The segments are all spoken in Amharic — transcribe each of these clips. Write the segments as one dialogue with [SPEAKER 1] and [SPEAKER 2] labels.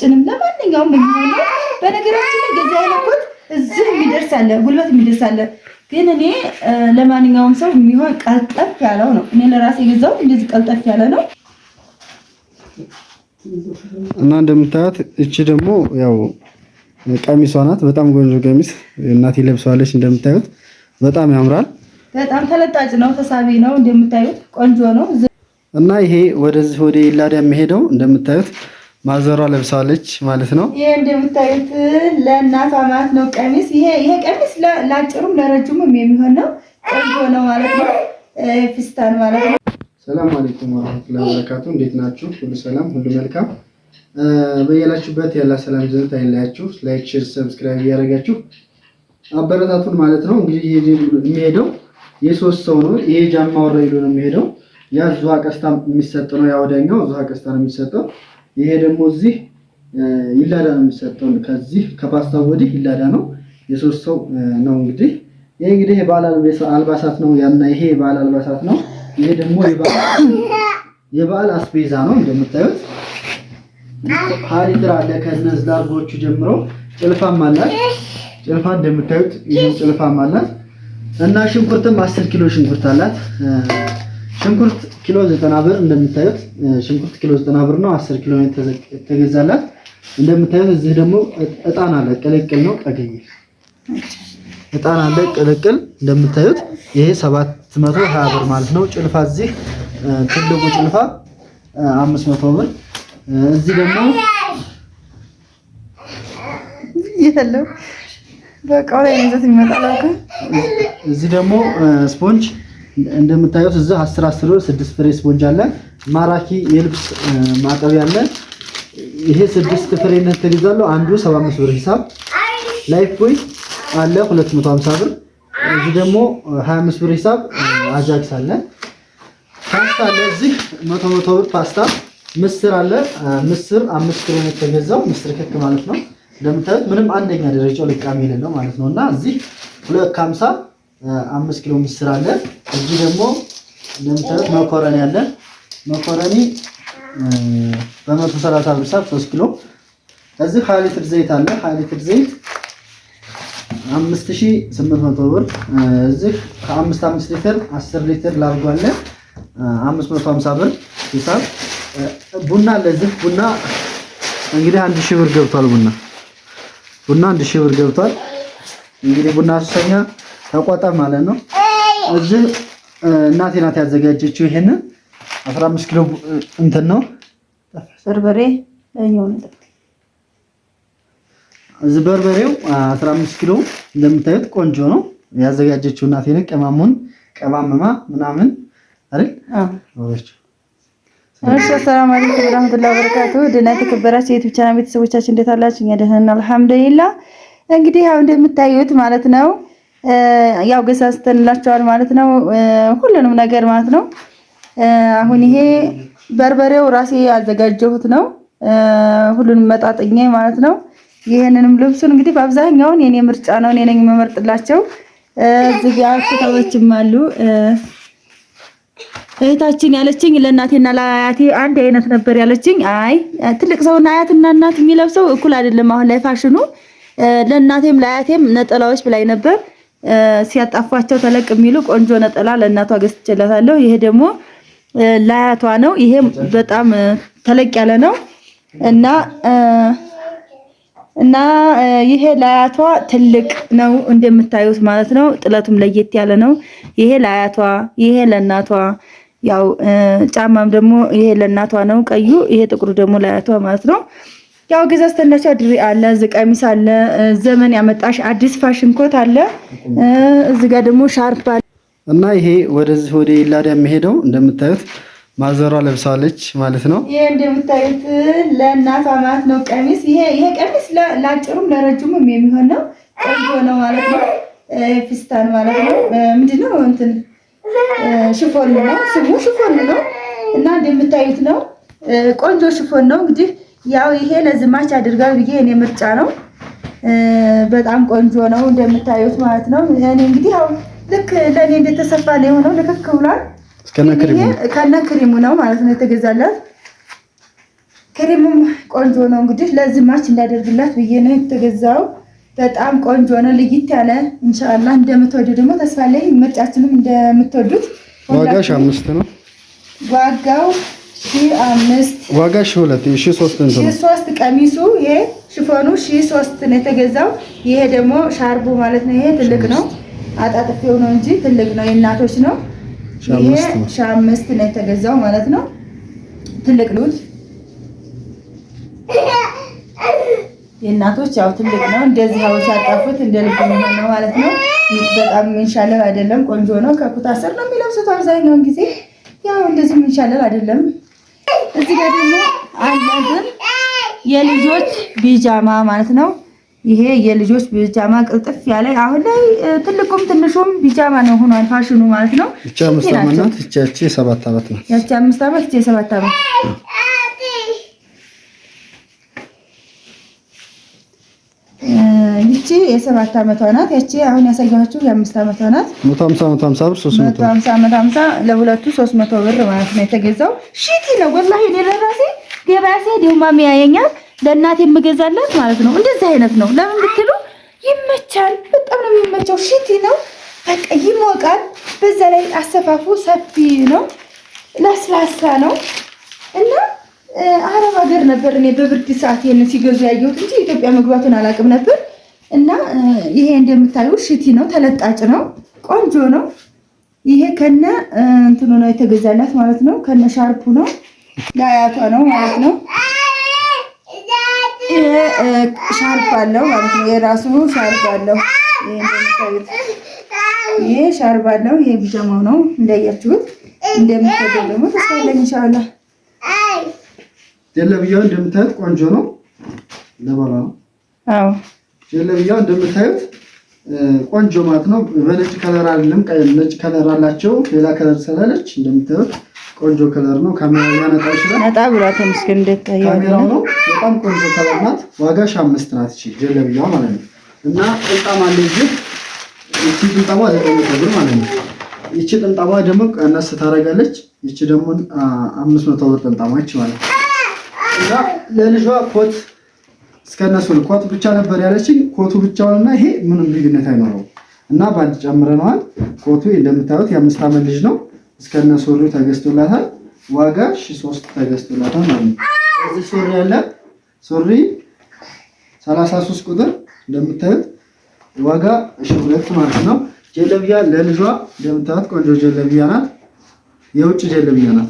[SPEAKER 1] ጭንም ለማንኛውም የሚሆነው በነገራችን ላይ ገዛ ያለኩት እዚህ የሚደርስ አለ፣ ጉልበት የሚደርስ አለ። ግን እኔ ለማንኛውም ሰው የሚሆን ቀልጠፍ ያለው ነው። እኔ ለራሴ የገዛው እንደዚህ ቀልጠፍ ያለ ነው
[SPEAKER 2] እና እንደምታያት እቺ ደግሞ ያው ቀሚሷ ናት። በጣም ጎንጆ ቀሚስ እናቴ ለብሰዋለች። እንደምታዩት በጣም ያምራል።
[SPEAKER 1] በጣም ተለጣጭ ነው፣ ተሳቢ ነው። እንደምታዩት ቆንጆ ነው።
[SPEAKER 2] እና ይሄ ወደዚህ ወደ ይላዳ የሚሄደው እንደምታዩት ማዘሯ ለብሳለች ማለት ነው።
[SPEAKER 1] ይሄ እንደምታዩት ለእናቷ ማለት ነው ቀሚስ። ይሄ ይሄ ቀሚስ ለአጭሩም ለረጅሙም የሚሆን ነው። ቆንጆ ነው ማለት ነው። ፊስታን ማለት ነው።
[SPEAKER 2] ሰላም አለይኩም ወራህመቱላሂ ወበረካቱ። እንዴት ናችሁ? ሁሉ ሰላም፣ ሁሉ መልካም። በያላችሁበት ያላ ሰላም ዘንድ አይለያችሁ። ላይክ፣ ሼር፣ ሰብስክራይብ እያደረጋችሁ አበረታቱን ማለት ነው። እንግዲህ የሚሄደው የሶስት ሰው ነው። ይሄ ጃማ ወረይሉ ነው የሚሄደው። ያ ዙሃ ቀስታ የሚሰጥ ነው። ያወዳኛው ዙሃ ቀስታ ነው የሚሰጠው ይሄ ደግሞ እዚህ ይላዳ ነው የሚሰጠው። ከዚህ ከፓስታው ወዲህ ይላዳ ነው። የሶስት ሰው ነው እንግዲህ ይሄ እንግዲህ የባህል አልባሳት ነው። ያና ይሄ የባህል አልባሳት ነው። ይሄ ደግሞ የበዓል አስቤዛ ነው። እንደምታዩት ሀሪትር አለ ከነዚህ ዳርጎቹ ጀምሮ ጭልፋም አላት። ጭልፋ እንደምታዩት ይሄ ጭልፋም አላት እና ሽንኩርትም አስር ኪሎ ሽንኩርት አላት። ሽንኩርት ኪሎ 90 ብር እንደምታዩት ሽንኩርት ኪሎ 90 ብር ነው። 10 ኪሎ ተገዛላት። እንደምታዩት እዚህ ደግሞ እጣን አለ ቅልቅል ነው። ቀገኝ እጣን አለ ቅልቅል እንደምታዩት ይሄ 720 ብር ማለት ነው። ጭልፋ እዚህ ትልቁ ጭልፋ 500 ብር እዚህ ደግሞ
[SPEAKER 1] ይሄ በቃ ላይ ይዘት ይመጣል።
[SPEAKER 2] እዚህ ደግሞ ስፖንጅ እንደምታዩት እዛ 10 10 ብር 6 ፍሬ ስፖንጅ አለ። ማራኪ የልብስ ማጠቢያ አለ። ይሄ 6 ፍሬ ነው ተገዛለው። አንዱ 75 ብር ሂሳብ። ላይፍ ቦይ አለ 250 ብር። እዚህ ደግሞ 25 ብር ሂሳብ አጃክስ አለ። ፓስታ አለ እዚህ 100 100 ብር ፓስታ። ምስር አለ። ምስር 5 ፍሬ ነው ተገዛው። ምስር ክክ ማለት ነው። እንደምታዩት ምንም አንደኛ ደረጃው ልቃሚ የሌለው ማለት ነውና እዚህ 250 አምስት ኪሎ ምስር አለ። እዚህ ደግሞ እንደምታዩት መኮረኒ አለ። መኮረኒ በመቶ ሰላሳ ብር ሳብ ሶስት ኪሎ። እዚህ ሀያ ሊትር ዘይት አለ። ሀያ ሊትር ዘይት አምስት ሺህ ስምንት መቶ ብር። እዚህ ከአምስት አምስት ሊትር አስር ሊትር ላርጎ አለ አምስት መቶ ሀምሳ ብር ሂሳብ። ቡና አለ። እዚህ ቡና እንግዲህ አንድ ሺህ ብር ገብቷል። ቡና ቡና አንድ ሺህ ብር ገብቷል። እንግዲህ ቡና ሱሰኛ ተቆጠብ ማለት ነው። እዚህ እናቴ ናት ያዘጋጀችው። ይሄን 15 ኪሎ እንትን ነው በርበሬ እዚህ በርበሬው 15 ኪሎ እንደምታዩት ቆንጆ ነው ያዘጋጀችው እናቴ ነው። ቅመሙን ቀማምማ ምናምን አይደል?
[SPEAKER 1] ሰላም አለይኩም ወራህመቱላሂ ወበረካቱ። ድና የተከበራችሁ የዩቲዩብ ቻናል ቤተሰቦቻችን እንዴት አላችሁ? እኛ ደህና ነን አልሐምዱሊላህ። እንግዲህ አሁን እንደምታዩት ማለት ነው ያው ገሳስተንላቸዋል ማለት ነው። ሁሉንም ነገር ማለት ነው። አሁን ይሄ በርበሬው ራሴ ያዘጋጀሁት ነው። ሁሉንም መጣጥኜ ማለት ነው። ይሄንንም ልብሱን እንግዲህ በአብዛኛውን የኔ ምርጫ ነው። እኔ ነኝ የምመርጥላቸው። እዚህ ጋር ክታቦችም አሉ። እህታችን ያለችኝ ለእናቴና ለአያቴ አንድ አይነት ነበር ያለችኝ። አይ ትልቅ ሰውና አያትና እናት የሚለብሰው እኩል አይደለም አሁን ላይ ፋሽኑ። ለእናቴም ለአያቴም ነጠላዎች ብላይ ነበር ሲያጣፋቸው ተለቅ የሚሉ ቆንጆ ነጠላ ለእናቷ ገዝቼላታለሁ። ይሄ ደግሞ ላያቷ ነው። ይሄ በጣም ተለቅ ያለ ነው እና እና ይሄ ላያቷ ትልቅ ነው እንደምታዩት ማለት ነው። ጥለቱም ለየት ያለ ነው። ይሄ ላያቷ፣ ይሄ ለእናቷ ያው ጫማም ደግሞ ይሄ ለእናቷ ነው ቀዩ። ይሄ ጥቁሩ ደግሞ ላያቷ ማለት ነው። ያው ገዛዝተላቸው አድሪ አለ፣ እዚህ ቀሚስ አለ፣ ዘመን ያመጣሽ አዲስ ፋሽን ኮት አለ፣ እዚህ ጋር ደግሞ ሻርፕ አለ
[SPEAKER 2] እና ይሄ ወደዚህ ወደ ኢላዳ የሚሄደው እንደምታዩት ማዘሯ ለብሳለች ማለት ነው።
[SPEAKER 1] ይሄ እንደምታዩት ለእናቷ ማለት ነው ቀሚስ። ይሄ ይሄ ቀሚስ ለአጭሩም ለረጅሙም የሚሆን ነው። ቆንጆ ነው ማለት ነው። ፊስታን ማለት ነው። ምንድነው እንትን ሽፎን ነው ስሙ፣ ሽፎን ነው እና እንደምታዩት ነው። ቆንጆ ሽፎን ነው እንግዲህ ያው ይሄ ለዝማች አድርጋል ብዬ እኔ ምርጫ ነው። በጣም ቆንጆ ነው እንደምታዩት ማለት ነው። እኔ እንግዲህ ያው ልክ ለእኔ እንደተሰፋ ነው የሆነው። ልክክ ብሏል። ከነ ክሪሙ ነው ማለት ነው የተገዛላት። ክሪሙም ቆንጆ ነው እንግዲህ ለዝማች እንዳደርግላት ብዬ ነው የተገዛው። በጣም ቆንጆ ነው፣ ልይት ያለ እንሻላ እንደምትወዱ ደግሞ ተስፋ ላይ ምርጫችንም እንደምትወዱት።
[SPEAKER 2] ዋጋሽ አምስት ነው ዋጋው ዋጋ ሺህ ሁለት ሺህ ሦስት
[SPEAKER 1] ሺህ ሦስት ቀሚሱ ይሄ ሽፎኑ ሺህ ሦስት ነው የተገዛው። ይሄ ደግሞ ሻርቡ ማለት ነው። ይሄ ትልቅ ነው፣ አጣጥፌው ነው እንጂ ትልቅ ነው፣ የእናቶች ነው። ይሄ ሺህ አምስት ነው የተገዛው ማለት ነው። ትልቅ ሉት የእናቶች ያው ትልቅ ነው። እንደዚህ አሁን ሲያጣፉት እንደ ልብ ነው ማለት ነው። በጣም ምንሻለል አይደለም፣ ቆንጆ ነው። ከኩታ ስር ነው የሚለብሱት አብዛኛውን ጊዜ ያው እንደዚህ ምንሻለል አይደለም። እዚህ ጋር ደግሞ አላዝም የልጆች ቢጃማ ማለት ነው። ይሄ የልጆች ቢጃማ ቅልጥፍ ያለ አሁን ላይ ትልቁም ትንሹም ቢጃማ ነው ሆኗል ፋሽኑ ማለት ነው።
[SPEAKER 2] ይቺ አምስት ዓመት ናት። ይቺ ሰባት ዓመት ናት።
[SPEAKER 1] ያቺ አምስት ዓመት ይቺ ሰባት ዓመት ይቺ የሰባት ዓመቷ ናት። ያቺ አሁን ያሳያችሁ የአምስት ዓመቷ ናት።
[SPEAKER 2] መቶ ሀምሳ መቶ ሀምሳ ብር ሶስት መቶ
[SPEAKER 1] ሀምሳ መቶ ሀምሳ ለሁለቱ ሶስት መቶ ብር ማለት ነው የተገዛው። ሺቲ ነው ወላሂ። እኔ ለራሴ ገበያ ስሄድ ይኸው ማሚ ያየኛል ለእናቴ የምገዛላት ማለት ነው። እንደዚህ አይነት ነው። ለምን ብትሉ ይመቻል። በጣም ነው የሚመቸው። ሺቲ ነው በቃ ይሞቃል። በዛ ላይ አሰፋፉ ሰፊ ነው፣ ለስላሳ ነው እና አረብ ሀገር ነበር እኔ በብርድ ሰዓት ይሄንን ሲገዙ ያየሁት እንጂ ኢትዮጵያ መግባቱን አላውቅም ነበር። እና ይሄ እንደምታዩ ሽቲ ነው፣ ተለጣጭ ነው፣ ቆንጆ ነው። ይሄ ከነ እንትኑ ነው የተገዛላት ማለት ነው። ከነ ሻርፑ ነው፣ ለአያቷ ነው ማለት ነው። ይሄ ሻርፕ አለው ማለት ነው። የራሱ ሻርፕ አለው። ይሄ እንደምታዩት ይሄ ሻርፕ አለው። ይሄ ቢጃማው ነው እንዳያችሁት። እንደምታዩት ደግሞ ተስፋ አለኝ ኢንሻአላህ
[SPEAKER 2] ደለብያው እንደምታዩት ቆንጆ ነው። ለባላ ነው። አዎ ጀለብያው እንደምታዩት ቆንጆ ማለት ነው። በነጭ ከለር አይደለም፣ ነጭ ከለር አላቸው። ሌላ ከለር ስላለች እንደምታዩት ቆንጆ ከለር ነው። ካሜራ ያነጣ ይችላል።
[SPEAKER 1] ነጣ ብራት ምስክ እንደታየው
[SPEAKER 2] ካሜራው ነው። በጣም ቆንጆ ከለር ናት። ዋጋ ሺህ አምስት ናት። እቺ ጀለብያዋ ማለት ነው። እና ጥምጣም አለ እዚህ። እቺ ጥምጣሟ ዘጠኝ ብር ማለት ነው። እቺ ጥምጣሟ ደግሞ ቀነስ ታደርጋለች። እቺ ደግሞ አምስት መቶ ብር ጥምጣሟ ይች ማለት ነው። እና ለልጇ ኮት እስከነሱ ኮት ብቻ ነበር ያለችኝ። ኮቱ ብቻውንና ይሄ ምንም ልዩነት አይኖረው እና ባንድ ጨምረነዋል። ኮቱ እንደምታዩት የአምስት ዓመት ልጅ ነው። እስከነ ሱሪ ተገዝቶላታል። ዋጋ ሺ ሶስት ተገዝቶላታል ማለት ነው። እዚህ ሱሪ ያለ ሱሪ 33 ቁጥር እንደምታዩት ዋጋ ሺ ሁለት ማለት ነው። ጀለቢያ ለልጇ እንደምታዩት ቆንጆ ጀለቢያ ናት። የውጭ ጀለቢያ ናት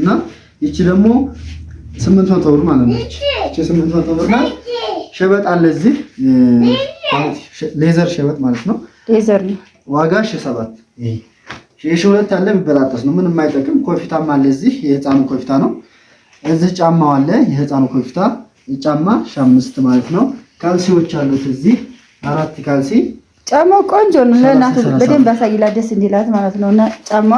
[SPEAKER 2] እና ይቺ ደግሞ ስምንት መቶ ብር ማለት ነው። እቺ ስምንት መቶ ብር ናት። ሸበጥ አለ እዚህ ሌዘር ሸበጥ ማለት ነው። ሌዘር ነው ዋጋ ሺህ ሰባት ይሄ ሺህ ሁለት አለ የሚበጣጠስ ነው። ምንም አይጠቅም። ኮፊታም አለ እዚህ የህፃኑ ኮፊታ ነው። እዚህ ጫማው አለ የህፃኑ ኮፊታ ጫማ ሺህ አምስት ማለት ነው። ካልሲዎች አሉት እዚህ አራት ካልሲ።
[SPEAKER 1] ጫማው ቆንጆ ነው። ለእናቱ በደንብ አሳይላት ደስ እንዲላት ማለት ነው እና ጫማ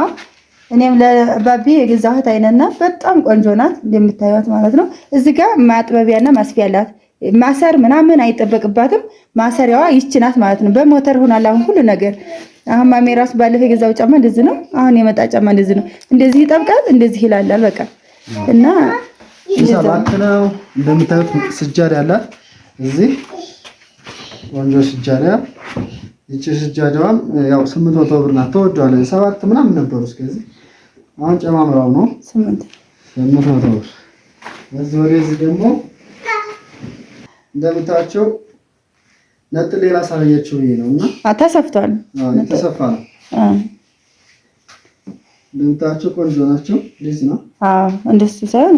[SPEAKER 1] እኔም ለባቢ የገዛኋት አይነና በጣም ቆንጆ ናት እንደምታዩት ማለት ነው። እዚህ ጋር ማጥበቢያና ማስፊያ አላት። ማሰር ምናምን አይጠበቅባትም። ማሰሪያዋ ይቺ ናት ማለት ነው። በሞተር ሆናል አሁን ሁሉ ነገር። አሁን ማሜ ራሱ ባለፈው የገዛው ጫማ እንደዚህ ነው። አሁን የመጣ ጫማ እንደዚህ ነው። እንደዚህ ይጠብቃል፣ እንደዚህ ይላላል። በቃ እና
[SPEAKER 2] ሰባት ነው እንደምታዩት። ስጃድ ያላት እዚህ ቆንጆ ስጃዳ ይቺ ስጃዳዋም ያው ስምንት መቶ ብር ናት። ተወዷል። ሰባት ምናምን ነበሩ እስከዚህ አሁን ጨማምራው ነው ስምንት ስምንት መቶ ብር እዚህ ወደዚህ ደግሞ እንደምታቸው ነጥ ሌላ ሳላያቸው ይሄ ነው እና ተሰፍቷል። ተሰፋ ነው እንደምታቸው ቆንጆ ናቸው። ነው
[SPEAKER 1] እንደሱ ሳይሆን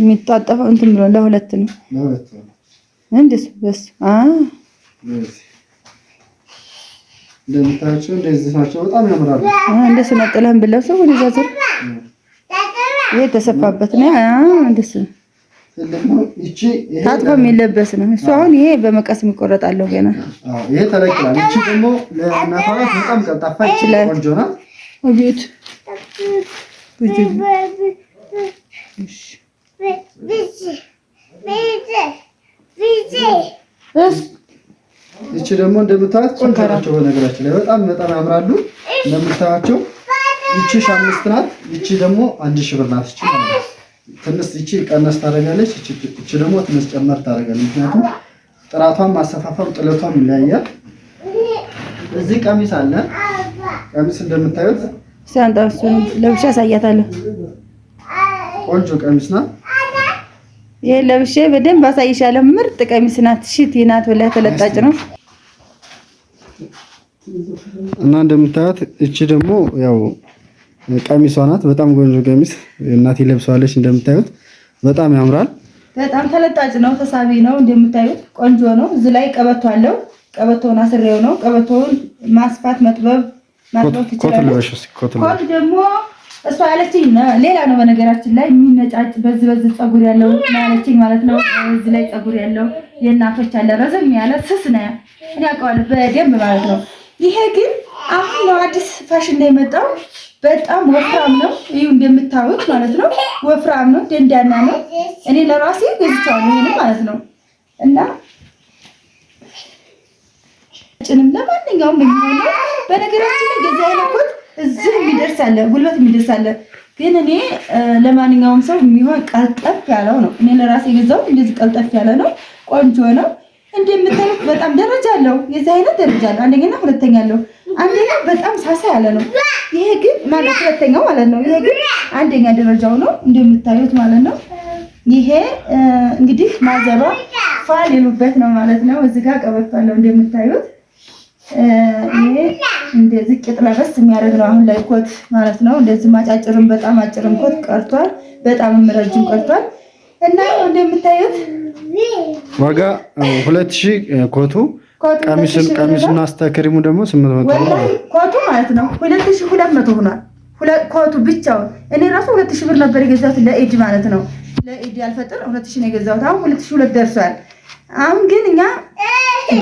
[SPEAKER 1] የሚጣጠፈው እንትን ብሎ ለሁለት ነው ለሁለት ነው እንደሱ በሱ
[SPEAKER 2] እንደምታያቸው እንደዚህ ናቸው። በጣም ያምራሉ።
[SPEAKER 1] እንደሱ ነው። ጥለህን ብለብሰው ወደዛ ዞር። ይሄ ተሰፋበት ነው። እንደሱ ታጥፎ የሚለበስ ነው እሱ። አሁን ይሄ በመቀስ የሚቆረጣለሁ ገና።
[SPEAKER 2] ይሄ ተለቅላል። እቺ ደግሞ ለናፋራት በጣም ቀልጣፋ ይችላል። ቆንጆ ናት። አቤት እሺ ይቺ ደግሞ እንደምታዩት ቁንታራቸው በነገራችን ላይ በጣም በጣም ያምራሉ። እንደምታዩቸው ይቺ ሺህ አምስት ናት። ይቺ ደግሞ አንድ ሺህ ብር ናት። ይቺ ትንስ ይቺ ቀነስ ታደርጋለች፣ ይቺ ደግሞ ትንስ ጨመር ታደርጋለች። ምክንያቱም ጥራቷም አሰፋፋም ጥለቷም ይለያያል። እዚህ ቀሚስ አለ። ቀሚስ እንደምታዩት
[SPEAKER 1] ሲያንጣሱ ለብሻ ያሳያታለሁ።
[SPEAKER 2] ቆንጆ ቀሚስ ናት።
[SPEAKER 1] ይሄ ለብሼ በደንብ አሳይሻለሁ። ምርጥ ቀሚስ ናት። ሽቲ ናት ብለህ ተለጣጭ ነው
[SPEAKER 2] እና እንደምታያት እቺ ደግሞ ያው ቀሚሷ ናት። በጣም ጎንጆ ቀሚስ እናቴ ለብሰዋለች። እንደምታዩት በጣም ያምራል።
[SPEAKER 1] በጣም ተለጣጭ ነው፣ ተሳቢ ነው። እንደምታዩት ቆንጆ ነው። እዚህ ላይ ቀበቶ አለው። ቀበቶውን አስሬው ነው። ቀበቶውን ማስፋት መጥበብ
[SPEAKER 2] ማጥበብ ይችላል።
[SPEAKER 1] ኮት ደግሞ እሷ ያለችኝ ሌላ ነው። በነገራችን ላይ የሚነጫጭ በዚህ በዚህ ፀጉር ያለው ያለችኝ ማለት ነው። እዚህ ላይ ፀጉር ያለው የእናቶች አለ ረዘም ያለ ስስ ነ እኔ አውቀዋለሁ በደንብ ማለት ነው። ይሄ ግን አሁን ነው አዲስ ፋሽን ነው የመጣው። በጣም ወፍራም ነው። ይሁ እንደምታዩት ማለት ነው። ወፍራም ነው፣ ደንዳና ነው። እኔ ለራሴ ገዝቼዋለሁ ይሄን ማለት ነው እና ጭንም ለማንኛውም የሚሆነው በነገራችን ላይ ገዛ ያለኩት እዚህ የሚደርስ አለ፣ ጉልበት የሚደርስ አለ። ግን እኔ ለማንኛውም ሰው የሚሆን ቀልጠፍ ያለው ነው። እኔ ለራሴ የገዛሁት እንደዚህ ቀልጠፍ ያለ ነው፣ ቆንጆ ነው። እንደምታዩት በጣም ደረጃ አለው። የዚህ አይነት ደረጃ አለው። አንደኛና ሁለተኛ አለው። አንደኛ በጣም ሳሳ ያለ ነው። ይሄ ግን ማለት ሁለተኛው ማለት ነው። ይሄ ግን አንደኛ ደረጃው ነው እንደምታዩት ማለት ነው። ይሄ እንግዲህ ማዘባ ፋል ይሉበት ነው ማለት ነው። እዚህ ጋር ቀበቷለሁ አለው እንደምታዩት እንደዚህ ቂጥ ለበስ የሚያደርግ ነው። አሁን ላይ ኮት ማለት ነው። እንደዚህ አጫጭርም በጣም አጭርም ኮት ቀርቷል፣ በጣም ረጅም ቀርቷል። እና እንደምታዩት
[SPEAKER 2] ዋጋ ሁለት ሺህ ኮቱ ቀሚስና አስተክሪሙ ደግሞ ስምንት መቶ
[SPEAKER 1] ኮቱ ማለት ነው። ሁለት ሺህ ሁለት መቶ ሆኗል። ኮቱ ብቻው። እኔ ራሱ ሁለት ሺህ ብር ነበር የገዛሁት ለኢድ ማለት ነው። ለኢድ ያልፈጥር ሁለት ሺህ ነው የገዛሁት። አሁን ሁለት ሺህ ሁለት ደርሷል። አሁን ግን እኛ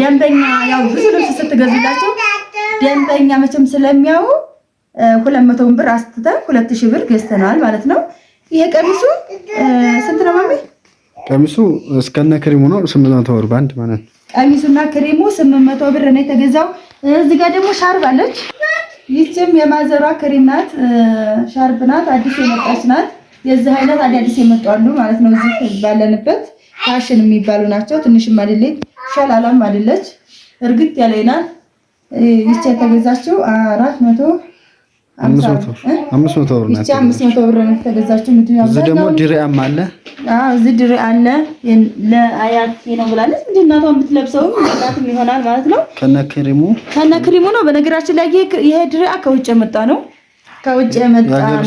[SPEAKER 1] ደንበኛ ያው ብዙ ልብስ ስትገዙላቸው ደንበኛ መቼም ስለሚያዩ ሁለት መቶውን ብር አስትተን ሁለት ሺህ ብር ገዝተናል ማለት ነው። ይሄ ቀሚሱ ስንት ነው ማሚ?
[SPEAKER 2] ቀሚሱ እስከነ ክሪሙ ነው ስምንት መቶ ብር በአንድ ማለት ነው።
[SPEAKER 1] ቀሚሱና ክሪሙ ስምንት መቶ ብር ነው የተገዛው። እዚህ ጋር ደግሞ ሻርብ አለች። ይህችም የማዘሯ ክሪም ናት፣ ሻርብ ናት፣ አዲስ የመጣች ናት። የዚህ አይነት አዳዲስ የመጡ አሉ ማለት ነው። እዚህ ባለንበት ፋሽን የሚባሉ ናቸው። ትንሽም አይደለች፣ ሸላላም አይደለች፣ እርግጥ ያለይናል? ይቺ የተገዛችው አራት መቶ
[SPEAKER 2] አምስት መቶ ብር
[SPEAKER 1] ናት። አምስት መቶ ብር ነው የተገዛችው።
[SPEAKER 2] እዚህ ደግሞ ድሪያም አለ።
[SPEAKER 1] እዚህ ድሪ አለ። ለአያቴ ነው ብላለች። እንደ እናቷ እናትም ይሆናል ማለት
[SPEAKER 2] ነው።
[SPEAKER 1] ነው። በነገራችን ላይ ይሄ ድሪያ ከውጭ የመጣ ነው። ከውጭ የመጣ ነው።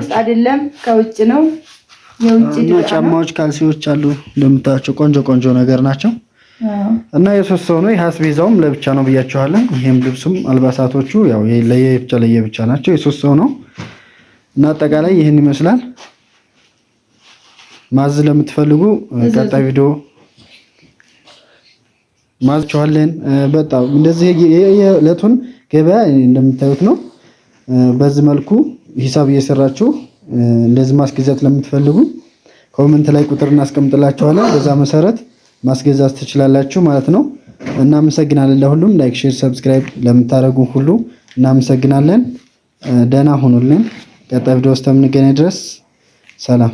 [SPEAKER 1] ውስጥ አይደለም፣ ከውጭ ነው። የውጭ
[SPEAKER 2] ጫማዎች፣ ካልሲዎች አሉ። እንደምታያቸው ቆንጆ ቆንጆ ነገር ናቸው። እና የሶስት ሰው ነው። የአስቤዛውም ለብቻ ነው ብያቸዋለን። ይሄም ልብሱም አልባሳቶቹ ያው ለየብቻ ለየብቻ ናቸው። የሶስት ሰው ነው እና አጠቃላይ ይህን ይመስላል። ማዝ ለምትፈልጉ ቀጣይ ቪዲዮ ማዝቸዋለን። በጣም እንደዚህ የዕለቱን ገበያ እንደምታዩት ነው። በዚህ መልኩ ሂሳብ እየሰራችሁ እንደዚህ ማስገዛት ለምትፈልጉ ኮመንት ላይ ቁጥር እናስቀምጥላችኋለን። በዛ መሰረት ማስገዛት ትችላላችሁ ማለት ነው። እናመሰግናለን። ለሁሉም ላይክ፣ ሼር፣ ሰብስክራይብ ለምታደርጉ ሁሉ እናመሰግናለን። ደህና ሁኑልን። ቀጣይ ቪዲዮ እስከምንገናኝ ድረስ ሰላም።